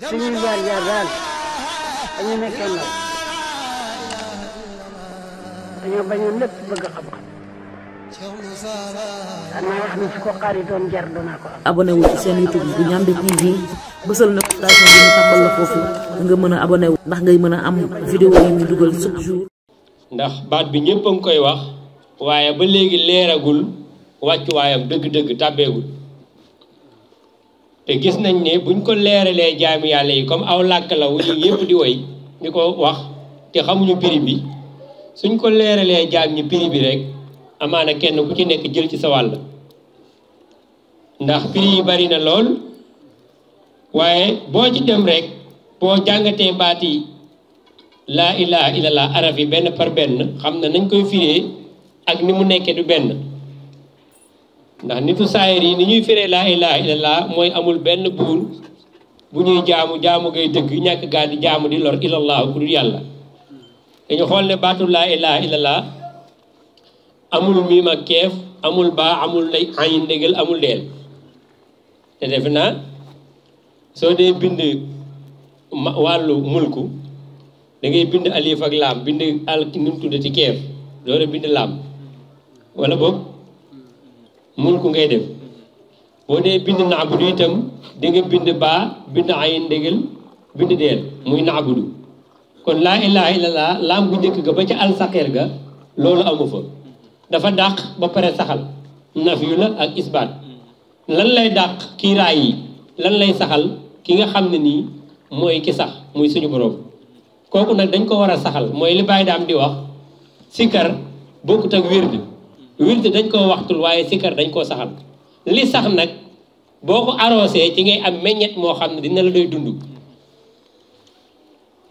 Seni var yerden. Ini kenal. Ini banyak lepp bëgg xam xam. Ana wax ni ko xari doon TV am vidéo yi ñu duggal chaque jour. Ndax baat bi kau ang koy beli waye ba légui cuaya waccu deg deug te gis nañ ne buñ ko leeralee jaami yàlla yi comme aw làkk la wu ñu di woy di ko wax te xamuñu prix bi suñ ko leeralee jaam ñi prix bi rek amaana kenn ku ci nekk jël ci sa wàll ndax prix yi bari na lool waaye boo ci dem rek boo jàngatee baat yi laa ilaha illallah araf yi benn par benn xam na nañ koy firee ak ni mu nekkee du benn ndax nitu saayir yi ni ñuy firee laa ilaha illallah mooy amul benn buur bu ñuy jaamu jaamu ngay dëgg ñàkk gaa di jaamu di lor illallah ku dul yàlla dañu xool ne baatu laa ilaha illallah amul miim ak keef amul baa amul lay añ ndégal amul deel te defe naa soo dee bind wàllu mulku da bind alif ak laam bind al nu mu tuddati keef doora bind laam wala boog mun ko ngay dem boo dee bind naabudu itam da bind baa bind ayin ndégal bind deel muy naabudu kon laa ilaha illallah laam gu njëkk ga ba ca alsaxeer ga loolu amu fa dafa dàq ba pare saxal nafiyu la ak isbaat lan lay dàq kii raay lan lay saxal ki nga xam ne nii mooy ki sax muy suñu boroom kooku nag dañ ko war a saxal mooy li bàyyi daam di wax sikar bokkut ak gi wirde dañ koo waxtul waaye sikkar dañ koo saxal li sax nag boo ko arrosé ci ngay am meññet moo xam ne dina la doy dund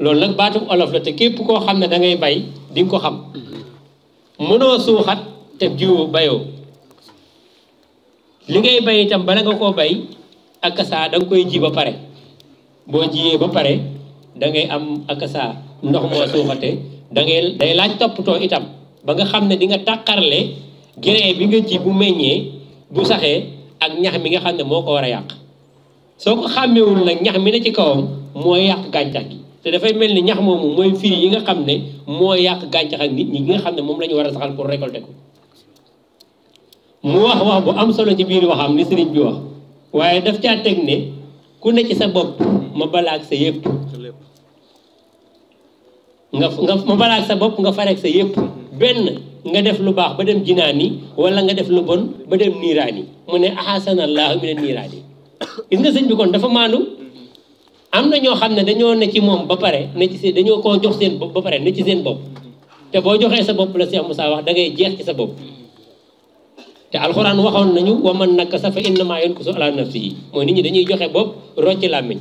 loolu nag baatu olof la te képp koo xam ne da ngay bay di ko xam mënoo te jiwu bayoo li ngay bay itam bala nga koo bay ak saa da koy ji ba pare boo jiyee ba pare dangay am ak ndox moo suuxate da ngay day laaj toppatoo itam ba nga xam ne di nga tàqarle grain bi nga ji bu meññee bu saxee ak ñax mi nga xam ne moo ko war a yàq soo ko xàmmewul nag ñax mi ne ci kawam mooy yàq gàncax gi te dafay mel ni ñax moomu mooy firi yi nga xam ne moo yàq gàncax ak nit ñi nga xam ne moom la ñu war a saxal pour récolter ko mu bu am solo ci biir waxam li sëriñ bi wax waaye daf caa teg ne ku ne ci sa bopp ma balaak sa yëpp nga nga ma balaak sa bopp nga fareeg sa yëpp benn nga def lu baax ba dem jinaani wala nga def lu bon ba dem yi mu ne ahasanallaahu mi ne niiraani gis nga sëñ bi kon dafa maanu am na ñoo xam ne dañoo ne ci moom ba pare ne ci seen dañoo koo jox seen bopp ba pare ne ci seen bopp te boo joxee sa bopp la mu saa wax dangay ngay jeex ci sa bopp te alxuraan waxoon nañu wa man naka sa fa innamaa yankusu ala nafsi yi mooy nit ñi dañuy joxe bopp rocci làmmiñ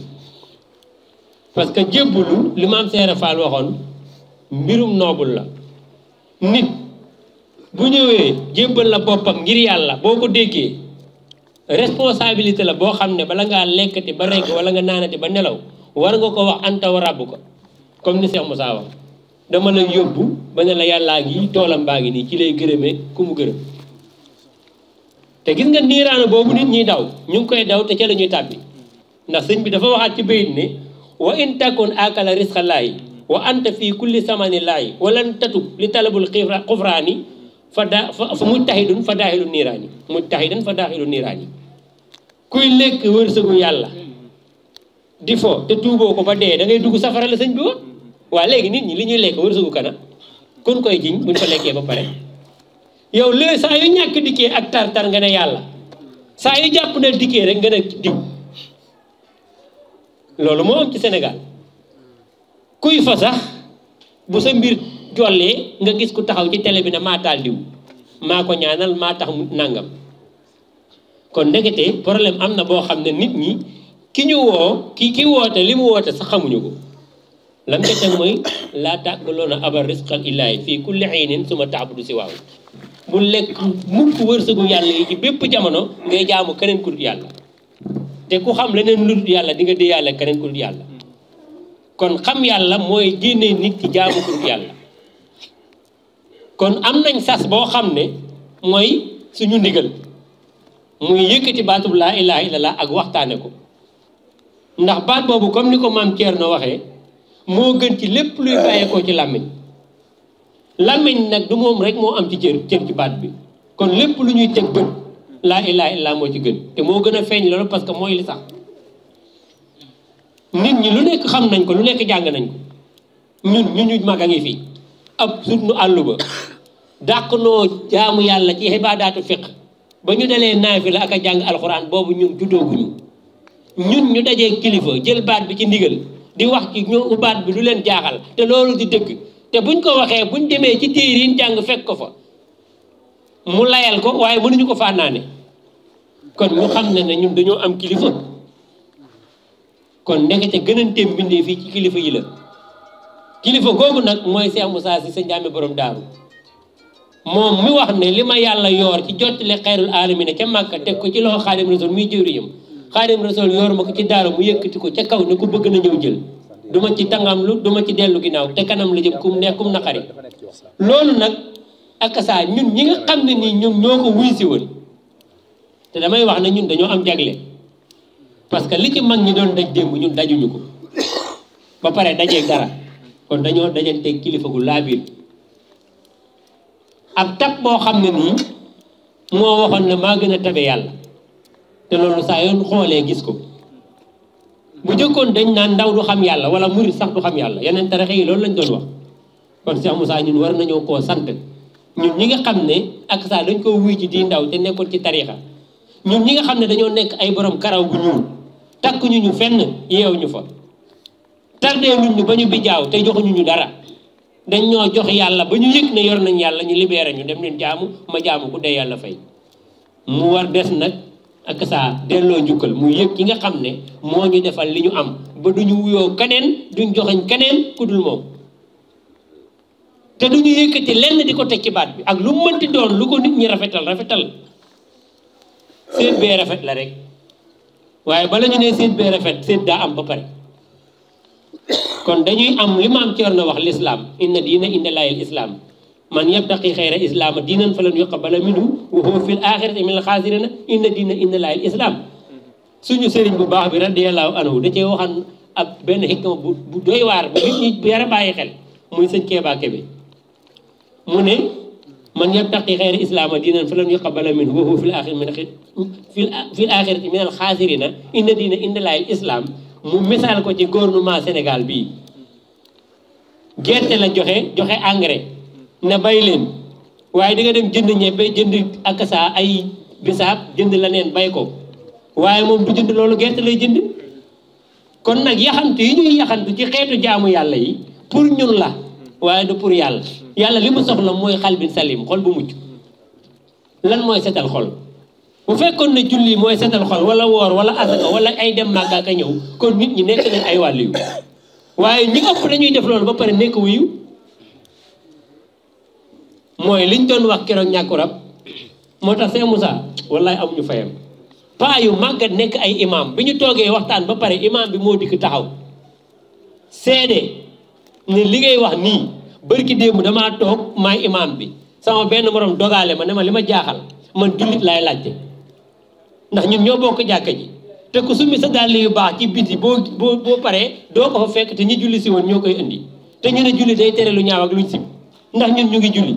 parce que jébbulu li am Seere Faal waxoon mbirum noobul la nit bu ñëwee jébbal la boppam ngir yàlla boo ko déggee responsabilité la boo xam ne bala ngaa lekkati ba regg wala nga naanati ba nelaw war nga ko wax antaw wa ko comme ni Cheikh Moussa wax dama la yóbbu ba ne la yàllaa ngi toolam baa ngi nii ci lay gërëmee ku mu gërëm te gis nga niiraana boobu nit ñiy daw ñu ngi koy daw te ca la ñuy tàbbi ndax sëñ bi dafa waxaat ci bayit ne wa in takun akala risqa laayi wa anta fii kulli samani laayi walan tatub li talabul fa daa fa mujtahidun fa daaxilu niiraan yi mujtahidan fa daaxilu niiraan yi kuy lekk wërsëgu yàlla di fo te tuuboo ko ba dee dangay dugg safara la sëñ bi woon waa léegi nit ñi li ñuy lekk wërsëgu kana kon koy jiñ buñ ko lekkee ba pare yow lee saa yu ñàkk dikkee ak tar-tar nga ne yàlla saa yu jàpp na dikkee rek nga ne diw loolu moo ci Sénégal kuy fa sax bu sa mbir jollee nga gis ku taxaw ci télé bi na maa taal maa ko ñaanal maa tax mu nangam kon ndekete problème am na boo xam ne nit ñi ki ñu woo ki ki woote li mu woote sax xamuñu ko lam ca teg mooy laa tàggaloona abal risqal illaahi fii kulli xiinin suma taabudu si waaw bu lekk mukk wërsëgu yàlla yi bépp jamono ngay jaamu keneen ku dul yàlla te ku xam leneen lu dul yàlla dinga nga dee yàlla keneen ku dul yàlla kon xam yàlla mooy génne nit ci jaamu ku dul yàlla kon am nañ sas boo xam ne mooy suñu ndigal muy yëkkati baatub laa illaay illallah ak waxtaane ko ndax baat boobu comme ni ko maam Thierno waxee moo gën ci lépp luy bàyyeekoo ci làmmiñ làmmiñ nag du moom rek moo am ci jër cër ci baat bi kon lépp lu ñuy teg bët laa ilaha illallah moo ci gën te moo gën a feeñ loolu parce que mooy li sax nit ñi lu nekk xam nañ ko lu nekk jàng nañ ko ñun ñu ñu mag a ngi fii ab surnu àll ba dàq noo jaamu yàlla ci xibaadaatu fiq ba ñu dalee naafila ak a jàng alxuraan boobu ñun juddooguñu ñun ñu dajee kilifa jël baat bi ci ndigal di wax ci ñu baat bi lu leen jaaxal te loolu di dëgg te buñ ko waxee buñ demee ci téer yi jàng fekk ko fa mu layal ko waaye mënuñu ko fànnaane kon ñu xam ne ne ñun dañoo am kilifa kon nekk te gënante mbindee fii ci kilifa yi la kilifa googu nag mooy Cheikh Moussa sa Ndiamé boroom daalu moom mi wax ne li ma yàlla yoor ci jottali xayrul ne ca Màkka teg ko ci loxo Xaadim Rasul muy jëwriñam Xaadim Rasul yoor ma ko ci daaru mu yëkkati ko ca kaw ne ku bëgg na ñëw jël duma ci tàngam lu duma ci dellu ginnaaw te kanam la jëm kum neex kum naqari loolu nag ak ñun ñi nga xam ne nii ñoom ñoo ko wuy si woon te damay wax ne ñun dañoo am jagle parce que li ci mag ñi doon daj démb ñun dajuñu ko ba pare kon dañoo dajante kilifa gu laabiir ab tab boo xam ne nii moo waxoon ne maa gën a tabe yàlla te loolu saa yoon xoolee gis ko bu jëkkoon dañ naan ndaw du xam yàlla wala murit sax du xam yàlla yeneen taraxe yi loolu lañ doon wax kon Cheikh Moussa ñun war nañoo koo sant ñun ñi nga xam ne ak saa dañ koo wuy ji di ndaw te nekkoon ci tarixa ñun ñi nga xam ne dañoo nekk ay boroom karaw gu ñuul takk ñu ñu fenn yeew ñu fa tardee wuñ ñu ba ñu bijaaw te joxuñu ñu dara dañ ñoo jox yàlla ba ñu yëg ne yor nañ yàlla ñu libéré ñu dem leen jaamu ma jaamu ku dee yàlla fay mu war des nag ak saa delloo njukkal mu yëg ki nga xam ne moo ñu defal li ñu am ba duñu wuyoo keneen duñ joxeñ keneen ku dul moom te duñu yëkkati lenn di ko teg ci baat bi ak lu mënti doon lu ko nit ñi rafetal rafetal seet bee rafet la rek waaye bala ñu ne seet bee rafet seet daa am ba pare kon dañuy am li maam Thierno wax l'islam inna diina inda laayil islam man yabtaqi xayra islaama diinan falan yuqbala minhu wa huwa fil axirati minal xaasirina inna diina inda laayil islam suñu sëriñ bu baax bi radiyallahu anhu da cee waxan benn xikma bu bu doy bàyyi xel muy sëñ Keeba Kebe mu ne man yabtaqi xayra islaama diinan falan yuqbala minhu wa huwa fil axirati minal xaasirina inna diina inda laayil islam mu misaal ko ci gouvernement Sénégal bi gerte la joxe joxe engrais na bay leen waaye di dem jënd ñebbe jënd ak ay bisaab jënd la neen bay ko waaye moom du jënd loolu gerte lay jënd kon nag yaxantu yi ñuy yaxantu ci xeetu jaamu yàlla yi pour ñun la waaye du pour yàlla yàlla li mu soxla mooy xal bi salim xol bu mucc lan mooy setal xol bu fekkoon ne julli mooy setal xol wala woor wala asaka wala ay dem màgg ak ñëw kon nit ñi nekk nañ ay wàllu yu waaye ñi ëpp dañuy def loolu ba pare nekk wuyu mooy liñ doon wax keroog ñàkku rab moo tax Sëñ Moussa wallaay amuñu fayam paa yu màggat nekk ay imam bi ñu toogee waxtaan ba pare imam bi moo dikk taxaw seede ne li ngay wax nii bërki démb damaa toog maay imam bi sama benn morom dogale ma ne ma li ma jaaxal man jullit laay laajte ndax ñun ñoo bokk jàkka ji te ku summi sa dàll yu baax ci biti boo boo boo paree doo ko fa fekk te ñi julli si woon ñoo koy indi te ñu ne julli day tere lu ñaaw ak luñ sib ñu ngi julli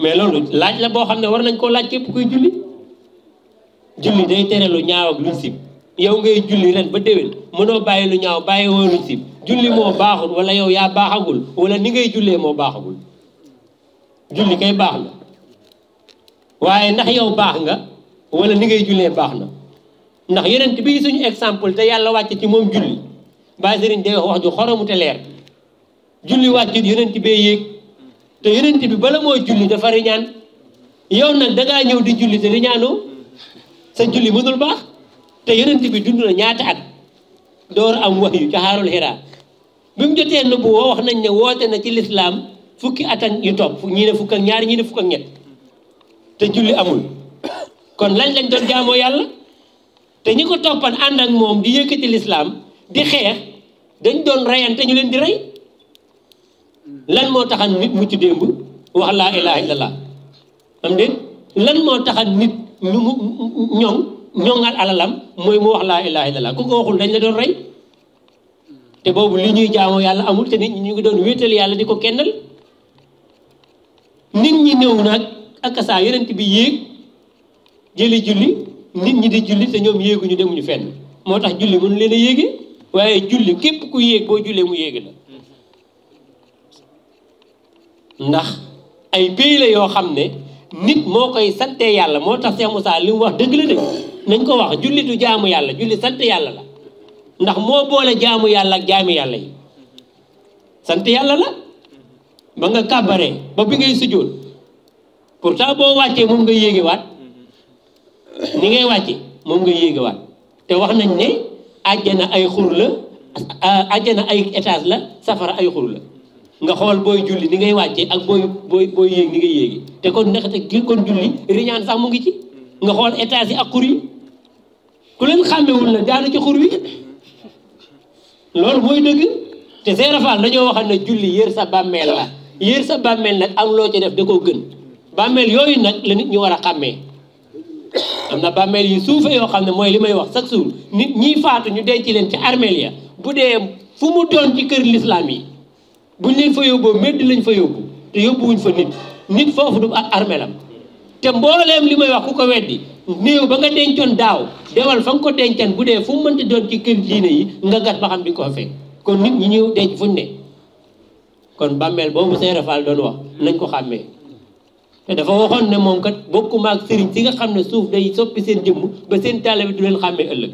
mais loolu laaj la boo xam ne war nañ koo laaj képp kuy julli julli day tere ñaaw ak luñ yow ngay julli ren ba déwén mënoo bàyyi lu ñaaw bàyyi woo luñ sib julli moo baaxul wala yow yaa baaxagul wala ni ngay jullee moo baaxagul julli kay baax la waaye ndax yow baax nga wala ni ngay jullee baax na ndax yeneen bi suñu exemple te yàlla wàcc ci moom julli Baye Serigne day wax wax ju xoromu te leer julli wàccut yeneen bee yéeg te yeneen bi bala moo julli dafa riñaan yow nag dangaa ñëw di julli te riñaanoo sa julli mënul baax te yeneen bi dund na ñaata at door am wax yu ca xaarul xiraa bi mu jotee nu bu woo wax nañ ne woote na ci lislaam fukki at yi yu ñii ne fukk ak ñaar ñii ne fukk ak ñett te julli amul kon lañ lañ doon jaamoo yàlla te ñi ko toppan ànd ak moom di yëkkati lislaam di xeex dañ doon reyante ñu leen di rey lan moo taxan nit mucc démb wax laa ilaha illallah am déet lan moo taxan nit ñu mu ñoŋ ñoŋal alalam mooy mu wax laa ilaha illallah ku ko waxul dañ la doon rey te boobu li ñuy jaamoo yàlla amul te nit ñi ñu ngi doon wéetal yàlla di ko kennal nit ñi néew nag ak saa yonent bi yéeg jëli julli nit ñi di julli te ñoom yéeguñu demuñu fenn moo tax julli mënu leen a yéege waaye julli képp ku yéeg boo jullee mu yéege la ndax ay pays la yoo xam ne nit moo koy sante yàlla moo tax Cheikh Moussa li wax dëgg la de nañ ko wax julli du jaamu yàlla julli sant yàlla la ndax moo boole jaamu yàlla ak jaami yàlla yi sant yàlla la ba nga kàbbaree ba bi ngay sujjóot pourtant boo wàccee moom nga yéegewaat ni ngay wàcce moom nga yéegi yéegawaat te wax nañ ne àjjana ay xur la euh, àjjana ay étage la safara ay xur la nga xool booy julli ni ngay wàcce ak booy booy booy yéeg ni ngay yéegi te kon ndaxte gi kon julli riñaan sax mu ngi ci nga xool étage yi ak xur yi ku leen xàmmewul na daana ci xur wi loolu booy dëgg te Seera Faal dañoo waxal ne julli yër sa bàmmeel la yër sa bàmmeel nag am loo ci def da koo gën bàmmeel yooyu nag la nit ñu war a xàmmee am na bàmmeel yi suufee yoo xam ne mooy li may wax chaque jour nit ñi faatu ñu denc leen ci armeel ya bu dee fu mu doon ci kër lislaam yi buñ leen fa yóbboo medd lañ fa yóbbu te yóbbuwuñ fa nit nit foofu du ak armeelam te mbooleem li may wax ku ko weddi néew ba nga dencoon daaw demal fa nga ko dencan bu dee fu mu mënti doon ci kër diine yi nga gas ba xam di ko fekk kon nit ñi ñëw denc fuñ ne kon bàmmeel boobu Seere Faal doon wax nañ ko xàmmee te dafa waxoon ne moom kat bokkuma ak sëriñ si nga xam ne suuf day soppi seen jëmm ba seen taalibe du leen xàmmee ëllëg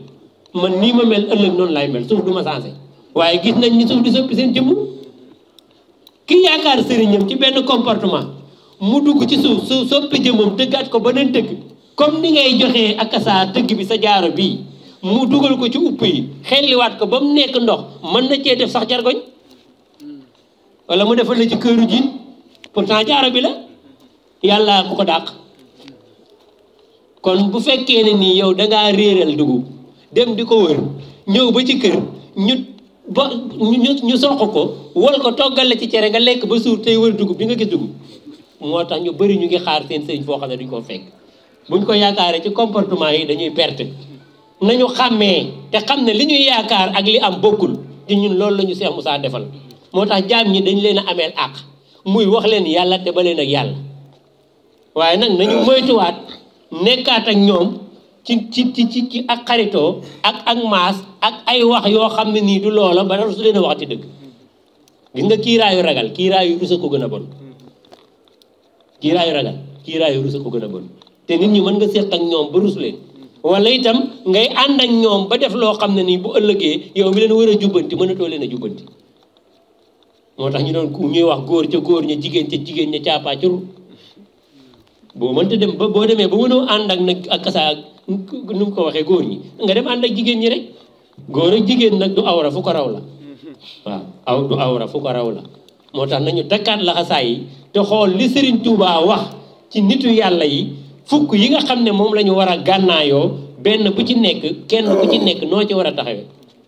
man nii ma mel ëllëg noonu lay mel suuf du ma changé waaye gis nañ ni suuf di soppi seen jëmm ki yaakaar sëriñam ci benn comportement mu dugg ci suuf su soppi jëmmam tëggaat ko beneen tëgg comme ni ngay joxee ak saa tëgg bi sa jaaro bii mu dugal ko ci upp yi xelliwaat ko ba mu nekk ndox mën na cee def sax jargoñ wala mu defal la ci këru jiin pourtant jaaro bi la yàlla ku ko dàq kon bu fekkee ne nii yow da ngaa réeral dugub dem di ko wër ñëw ba ci kër ñu ba ñu ñu ko wal ko toggal la ci cere nga lekk ba suur tey wër dugub di nga gis dugub moo tax ñu bari ñu ngi xaar seen sëñ foo xam ne duñ koo fekk buñ ko yaakaaree ci comportement yi dañuy perte nañu xàmmee te xam ne li ñuy yaakaar ak li am bokkul di ñun loolu lañu seex Cheikh Moussa defal moo tax jaam ñi dañ leen a ameel àq muy wax leen yàlla te ba leen ak yàlla waaye nag nañu moytuwaat nekkaat ak ñoom ci ci ci ci ak xaritoo ak ak maas ak ay wax yoo xam ne nii du loola ba su leen a waxati dëgg gis nga kiiraayu ragal kiiraayu rusa ko gën a bon kiiraayu ragal kiiraayu rusa ko gën a bon te nit ñi mën nga seet ak ñoom ba rus leen wala itam ngay ànd ak ñoom ba def loo xam ne nii bu ëllëgee yow mi leen wër a jubbanti mënatoo leen a jubbanti moo tax ñu doon ku ñuy wax góor ca góor ña jigéen ca jigéen ña caapaa ca boo mënta dem ba boo demee ba mënoo ànd ak nag akasa kasaa nu mu ko waxee góor ñi nga dem ànd ak jigéen ñi rek góor ak jigéen nag du awra fu ko raw la waaw aw du awra fu ko raw la moo tax nañu takkaat laxasaay yi te xool li Serigne tuubaa wax ci nitu yàlla yi fukk yi nga xam ne moom la ñu war a gànnaayoo benn bu ci nekk kenn bu ci nekk noo ci war a taxawee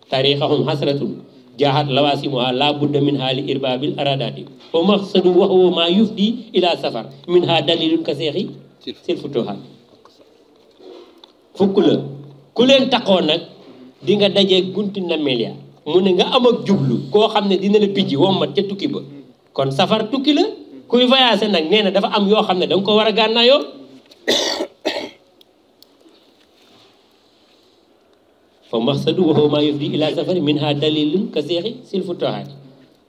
taarixahum hasratun jaaxat lawaasimuha la budda min ha li irbabil aradati ma maqsadu wax woo maa yufdi ila safar min ha dalilun ka seexi sil futuha fukk la ku leen taxoon nag di nga dajee gunti nammeel ya mu ne nga am ak jublu koo xam ne dina la pijji wommat ca tukki ba kon safar tukki la kuy voyagé nag nee na dafa am yoo xam ne danga ko war a gànnaayoo fa maxsadu waxoo maa yufdi ila safari min ha dalilun ka seexi sil futtahaati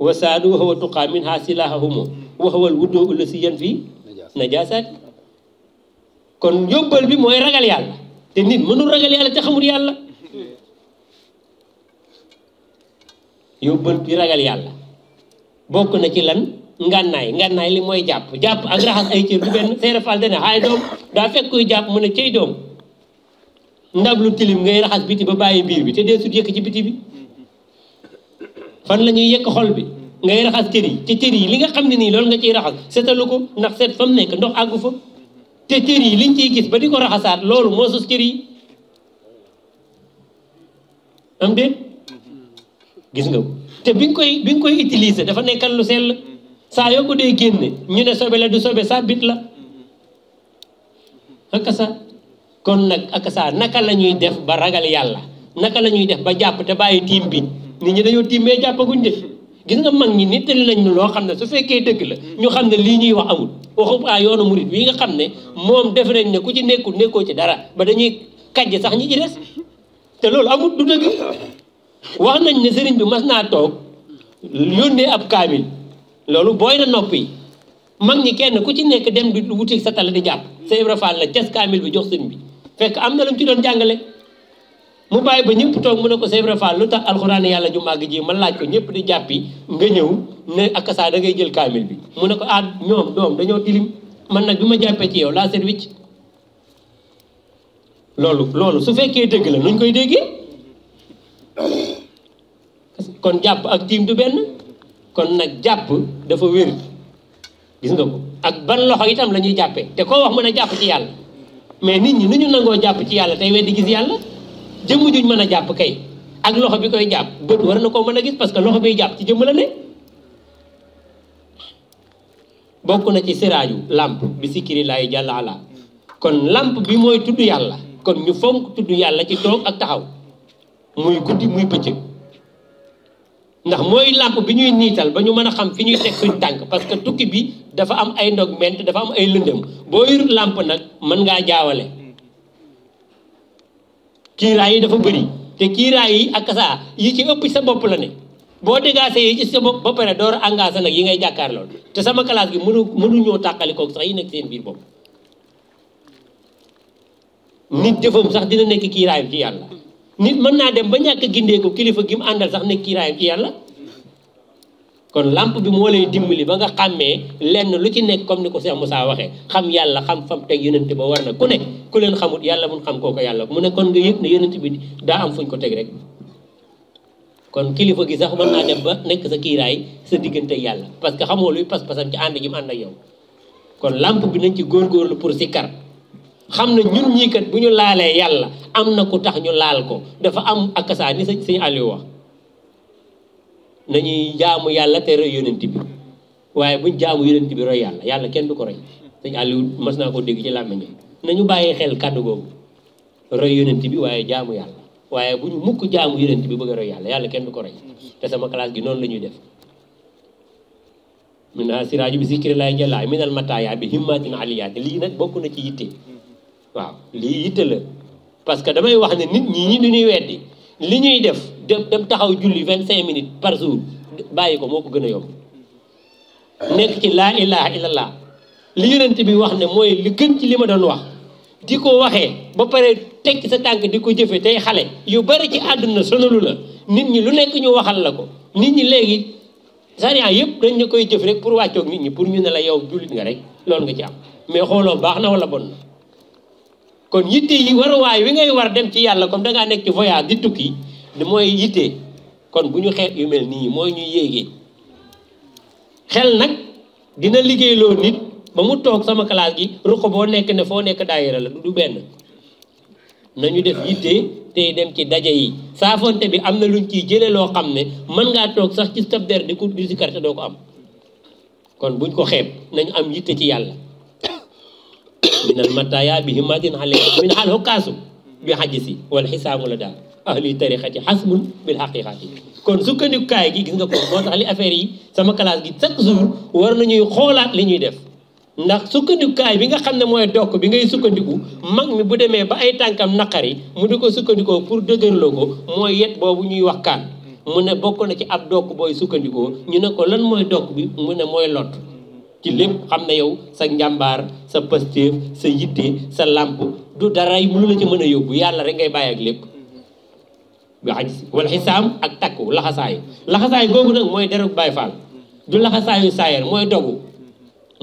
wa saadu waxoo tuqaa min ha silahahumo waxawal wuddoo ulla si yan fii najaasaati kon yóbbal bi mooy ragal yàlla te nit mënul ragal yàlla te xamul yàlla yóbbal bi ragal yàlla bokk na ci lan ngànnaay ngànnaay li mooy jàpp jàpp ak raxas ay cër du benn seere fal dana doom daa fekk kuy jàpp mu ne cey doom ndab lu tilim ngay raxas biti ba bàyyi biir bi te dee sut yëkk ci biti bi fan la ñuy yëkk xol bi ngay raxas cër yi te cër yi li nga xam ne nii loolu nga ciy raxas setalu ko ndax set fa mu nekk ndox àggu fa te cër yi liñ ciy gis ba di ko raxasaat loolu moo sos cër yi am déet gis nga ko te bi nga koy bi nga koy utiliser dafa nekkal lu sell saa yoo ko dee génne ñu ne sobe la du sobe sa bit la hakka sa kon nag ak saa naka la ñuy def ba ragal yàlla naka la ñuy def ba jàpp te bàyyi tiim bi nit ñi dañoo tiim mais jàppaguñ def gis nga mag ñi nettali lañ loo xam ne su fekkee dëgg la ñu xam ne lii ñuy wax amul waxu a yoonu murit wi nga xam ne moom def nañ ne ku ci nekkul nekkoo ci dara ba dañuy kajj sax ñi ci des te loolu amut du dëgg wax nañ ne sëriñ bi mas naa toog yónnee ab kaamil loolu booy na nopp yi mag ñi kenn ku ci nekk dem di wuti sa tala di jàpp Seydou Fall kaamil bi jox sëriñ bi fekk am na lu mu ci doon jàngale mu bàyyi ba ñëpp toog mu ne ko Sèvres Fall lu tax alxuraan yàlla ju màgg ji ma laaj ko ñëpp di jàppi nga ñëw ne ak saa da ngay jël kaamil bi mu ne ko ah ñoom doom dañoo tilim man nag bi ma jàppee ci yow laa seet wicc loolu loolu su fekkee dëgg la nuñ koy déggee kon jàpp ak tiim du benn kon nag jàpp dafa wér gis nga ko ak ban loxo itam la ñuy jàppee te koo wax mën a jàpp ci yàlla. mais nit ñi nu ñu nangoo jàpp ci yàlla tey weddi gis yàlla jëmm juñ mën a jàpp kay ak loxo bi koy jàpp bët war na koo mën a gis parce que loxo biy jàpp ci jëmm la ne na ci siraaju làmp bi sikiri laay jàll ala kon lampu bi mooy tudd yàlla kon ñu fonk tudd yàlla ci toog ak taxaw muy guddi muy bëccëg ndax mooy làmp bi ñuy niital ba ñu mën a xam fi ñuy teg suñ tànk parce que tukki bi dafa am ay ndog ment dafa am ay lëndëm boo yorul làmp nag mën ngaa jaawale kiiraay yi dafa bëri te kiiraay yi ak saa yi ci ëpp sa bopp la ne boo dégaasee yi ci sa bopp ba pare door engagé nag yi ngay jàkkaar lool te sama classe gi mënu mënu ñoo tàqali koog sax yi nekk seen biir bopp nit jëfam sax dina ci nit mën dem ba ñàkk gindeeku kilifa gi mu àndal sax nekk ci kon làmp bi moo lay dimbali ba nga xàmmee lenn lu ci nekk comme ni ko Cheikh Moussa waxee xam yàlla xam fam teg yonent ba war na ku ne ku leen xamut yàlla mun xam kooko yàlla mu ne kon nga yëg ne yonent daa am fuñ ko teg rek kon kilifa gi sax mën naa dem ba sa kiiraay sa diggante yàlla parce que xamoo luy pas-pasam ci ànd gi mu ànd ak kon làmp bi nañ ci góorgóorlu pour sikkar xam ne ñun ñii bu ñu laalee yàlla am na ku tax ñu laal ko dafa am akasaa ni sa sëñ Aliou wax nañuy jaamu yàlla te roy yonent bi waaye buñ jaamu yonent bi roy yàlla yàlla kenn du ko roy sëñ Aliou mas naa ko dégg ci nañu bàyyi xel kàddu googu roy yonent bi waaye jaamu yàlla waaye bu ñu mukk jaamu yonent bi bëgg a yàlla yàlla kenn du ko roy te sama classe gi noonu la ñuy def mina siraaju bi zikri laay jëlaay minal mataaya bi himmatin aliyaati lii nag bokk na ci yitte waaw lii yitte la parce que damay wax ne nit ñi ñi du ñuy weddi li ñuy def dem dem taxaw julli vingt cinq minutes par jour bàyyi ko moo ko gën a yomb nekk ci laa ilaha illallah li yonent bi wax ne mooy li gën ci li ma doon wax di ko waxee ba pare teg ci sa tànk di ko jëfee tey xale yu bari ci àdduna sonalu la nit ñi lu nekk ñu waxal la ko nit ñi léegi sariya yëpp dañ ñu koy jëf rek pour wàccoog nit ñi pour ñu ne la yow jullit nga rek lool nga ci am mais xooloo baax na wala bon na kon yitte yi waruwaay wi ngay war dem ci yàlla comme da nekk ci voyage di mooy yitte kon bu ñu xeet yu mel nii mooy ñu yéege xel nag dina liggéeyloo nit ba mu toog sama classe gi ruq boo nekk ne foo nekk daayira la du benn nañu def yitte tey dem ci daje yi saafonte bi am na luñ ciy jële loo xam ne mën ngaa toog sax ci sab der di ko di te doo ko am kon buñ ko xeeb nañu am yitte ci yàlla minal mataya bi himatin xale min xal hokkaasu bi xajji si wala xisaamu la daal ahli tarixa ci xasmun bil xaqiqati kon sukkandikukaay gi gis nga ko moo tax li affaire yi sama classe gi chaque jour war nañuy xoolaat li ñuy def ndax sukkandikukaay bi nga xam ne mooy dokk bi ngay sukkandiku mag mi bu demee ba ay tànkam naqari mu ne ko sukkandikoo pour dëgërloo ko mooy yet boobu ñuy wax kaan mu ne bokk na ci ab dokk booy sukkandikoo ñu ne ko lan mooy dokk bi mu ne mooy lot ci lépp xam ne yow sa njàmbaar sa pastéef sa yitte sa làmp du dara lu la ci mën a yóbbu yàlla rek ngay bàyyi ak lépp bi aj wala xisaam ak takku laxasaay laxasaay googu nag mooy derug Baay Faal du laxasaayu saayer mooy dogu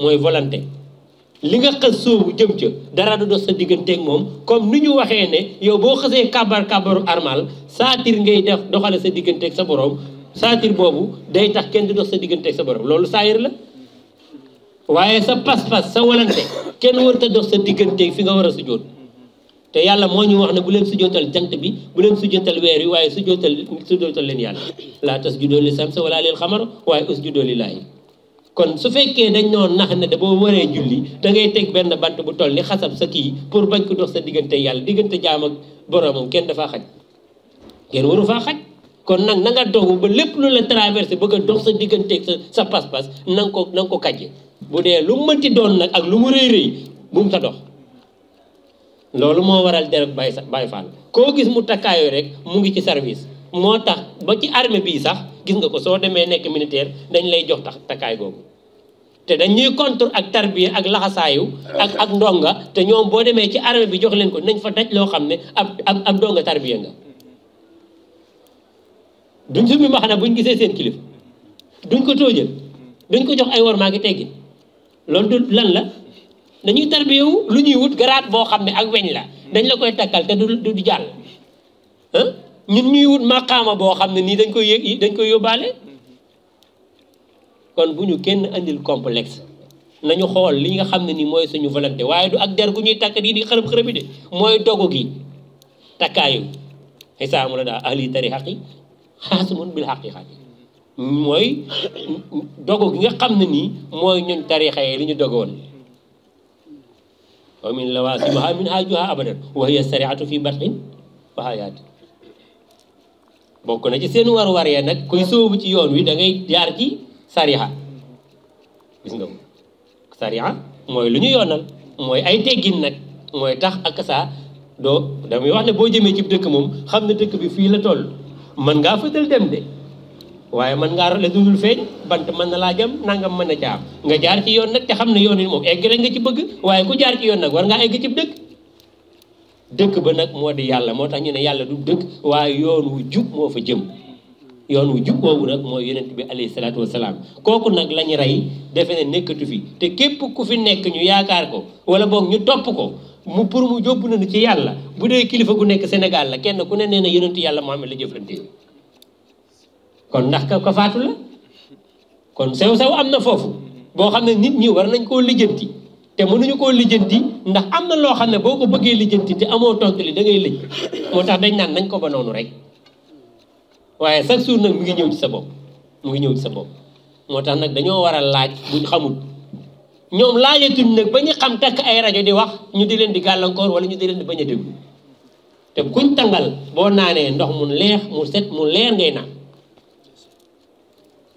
mooy volante li nga xës soobu jëm ca dara du dox sa digganteeg moom comme ni ñu waxee ne yow boo xësee kabar kabaru armal saatir ngay def doxale sa digganteeg sa borom saatir boobu day tax kenn du dox sa digganteeg sa borom loolu saayer la waaye sa pas-pas sa volonté kenn warut a dox sa digganteeg fi nga war a sujjóot te yàlla moo ñu wax ne bu leen sujjootal jant bi bu leen sujjootal weer yi waaye sujjootal sujjootal leen yàlla laa tas juddoo li samsa wala leel xamar waaye us juddoo li laay kon su fekkee dañ noo nax ne da boo waree julli da ngay teg benn bant bu toll ni xasab sa kii pour bañ ko sa diggante yàlla diggante jaam ak kenn dafaa xaj kenn waru faa xaj kon nag na nga ba lépp lu la traversé bëgg dox sa diggante sa sa pas-pas na nga ko na nga ko kajje bu dee lu mënti doon nag ak lu mu rëy rëy bu mu sa dox loolu moo waral derek bay bay faal koo gis mu takkaayoo rek mu ngi ci service moo tax ba ci armée bii sax gis nga ko soo demee nekk militaire dañ lay jox tax takkaay boobu te dañuy contre ak tarbiya ak laxasaayu ak ak ndonga te ñoom boo demee ci armée bi jox leen ko nañ fa daj loo xam ne ab ab ab ndonga tarbiya nga duñ sumi ma xanaa ñu gisee seen kilifa duñ ko tóojal duñ ko jox ay war maa ngi teggi loolu du lan la dañuy tarbiyewu lu ñuy wut garaat boo xam ne ak weñ la dañ la koy takkal te du du jàll ñun ñuy wut maqaama boo xam ne nii dañ koy yëg dañ koy yóbbaale kon bu ñu kenn indil complexe nañu xool li nga xam ne nii mooy suñu volonté waaye du ak der ñuy takk di di xërëb xërëb de mooy dogu gi takkaayu xisaamu daa ahli tari xaqi xaasumun bil xaqi mooy dogu gi nga xam ne nii mooy ñun tarixa yi li ñu dogoon ومن لوازمها من آجها أبدا وهي السريعة في بطح فهيات بوكو نجي سينو وار وار ينك كوي سوو بتي يون وي داغي ديار كي سريعة بسنو سريعة موي لو يونال موي اي تيغين نك موي تاخ اك سا دو دامي واخني بو جيمي تي دك موم خامنا دك بي فيلا تول من نغا فدل دم دي waaye mën ngaa role dudul feeñ bant mën na laa jam nangam mën a caam nga jaar ci yoon nag te xam ne yoon yi moom egg rek nga ci bëgg waaye ku jaar ci yoon nag war ngaa egg ci dëkk dëkk ba nag moo di yàlla moo tax ñu ne yàlla du dëkk waaye yoon wu jub moo fa jëm yoon wu jub woowu nag mooy yonent bi alayhi salaatu wasalaam kooku nag la ñu rey defe ne nekkatu fi te képp ku fi nekk ñu yaakaar ko wala boog ñu topp ko mu pour mu jóbbu nañu ci yàlla bu dee kilifa gu nekk Sénégal la kenn ku ne nee na yonentu yàlla Muhammad la jëflantee kon ndax ka faatu la kon sew-sew am na foofu boo xam ne nit ñi war nañ koo lijjanti te mënuñu koo lijjanti ndax am na loo xam ne boo ko bëggee lijjanti te amoo tontu li da ngay lëj moo tax dañ naan nañ ko ba noonu rek waaye chaque jour nag mu ngi ñëw ci sa bopp mu ñëw sa bopp moo tax nag dañoo war a laaj buñ xamul ñoom laajatuñ nag ba ñu xam takk ay rajo di wax ñu di leen di gàllankoor wala ñu di leen di bañ a déglu te kuñ tàngal boo naanee ndox mu leex mu set mu leer ngay naan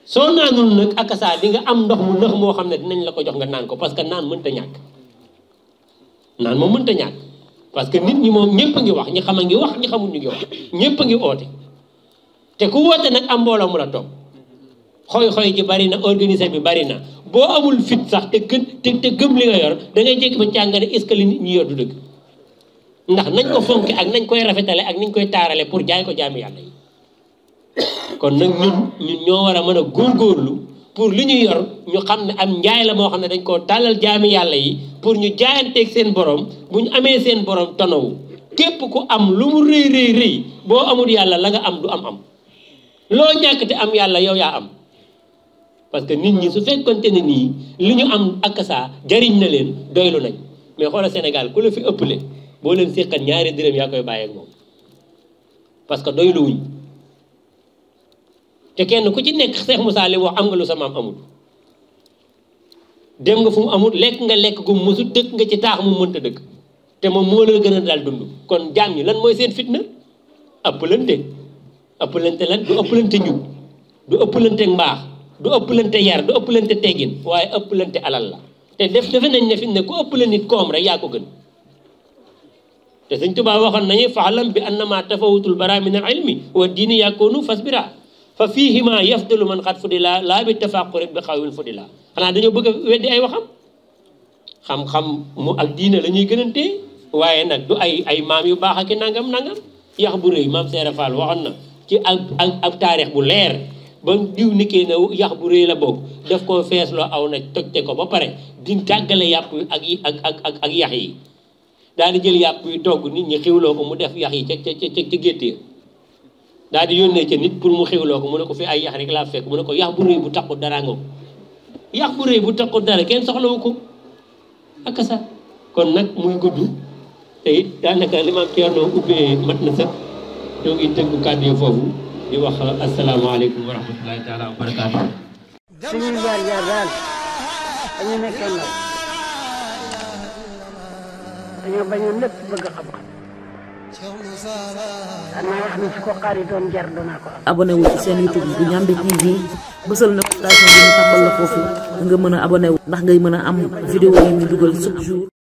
soo naanul nag akasaa di nga am ndox mu nëx moo xam ne dinañ la ko jox nga naan ko parce que naan mënta ñàkk naan moom mënta ñàkk parce que nit ñi moom ñëpp ngi wax ñi xam a ngi wax ñi xamul ñu ngi wax ñëpp a ngi oote te ku woote nag am mbooloo mu la toog xooy-xooy ji bari na organisé bi bari na boo amul fit sax te gën te te gëm li nga yor da ngay jékki ba càngane est-ce que li nit ñi yor du dëgg ndax nañ ko fonke ak nañ koy rafetale ak niñ koy taarale pour jaay ko jaami yàlla yi kon nag ñun ñun ñoo war a mën a góorgóorlu pour li ñu yor ñu xam ne am njaay la moo xam ne dañ koo tàllal jaami yàlla yi pour ñu jaayanteeg seen borom bu ñu amee seen borom tonawu képp ku am lu mu rëy rëy boo amul yàlla la nga am du am am loo ñàkk te am yàlla yow yaa am parce que nit ñi su fekkonte ne nii li ñu am ak saa jariñ na leen doylu nañ mais xoolal Sénégal ku la fi ëppale boo leen séqan ñaari dërëm yaa koy bàyyeeg moom parce doyluwuñ te kenn ku ci nekk seex Moussa li wax am nga lu sa maam amul dem nga fu mu amul lekk nga lekk gu musu dëkk nga ci taax mu mënta dëkk te moom moo la gën a daal dund kon jaam ñi lan mooy seen fitna ëppalante ëppalante lan du ëppalante njub du ëppalante mbaax du ëppalante yar du ëppalante teggin waaye ëppalante alal la te def defe nañ ne fitna ku ëppale nit koom rek yaa ko gën te Sëñ Tuubaa waxoon nañu faalam bi annama tafawutul bara min al ilmi wa diini fa fiihima yafdalu man xat fudila laa bi tafaquri bi xawin fudila xanaa dañoo bëgg a weddi ay waxam xam-xam mu ak diina lañuy ñuy gënantee waaye nag du ay ay maam yu baax ak nangam nangam yax bu rëy maam Seera Fall waxoon na ci ak ak ak taarix bu leer ba diw nikkee na yax bu rëy la bokk def koo feesloo aw na tojte ko ba pare di tàggale yàpp ak ak ak ak yax yi daal di jël yàpp yi togg nit ñi xiwloo ko mu def yax yi ca ca ca ca daal di yónnee ca nit pour mu xewloo ko mu ne ko fi ay yax rek laa fekk mu ne ko yax bu rëy bu taxut dara nga ko yax bu rëy bu taxut dara kenn soxlawu ko ak sax kon nag muy gudd te it daanaka li ma Thierno ubbee mat na sax ñoo ngi tënku kàddu yi foofu di wax asalaamaaleykum wa rahmatulahi taala wa barakaatu. suñuy jaar jaar daal danaa wax ni su ko xari doon jar ko am. abonné wu seen YouTube bi Ndiamé TV bësal na station bi foofu nga mën a abonné ndax ngay mën a am vidéo yi ñu dugal chaque jour.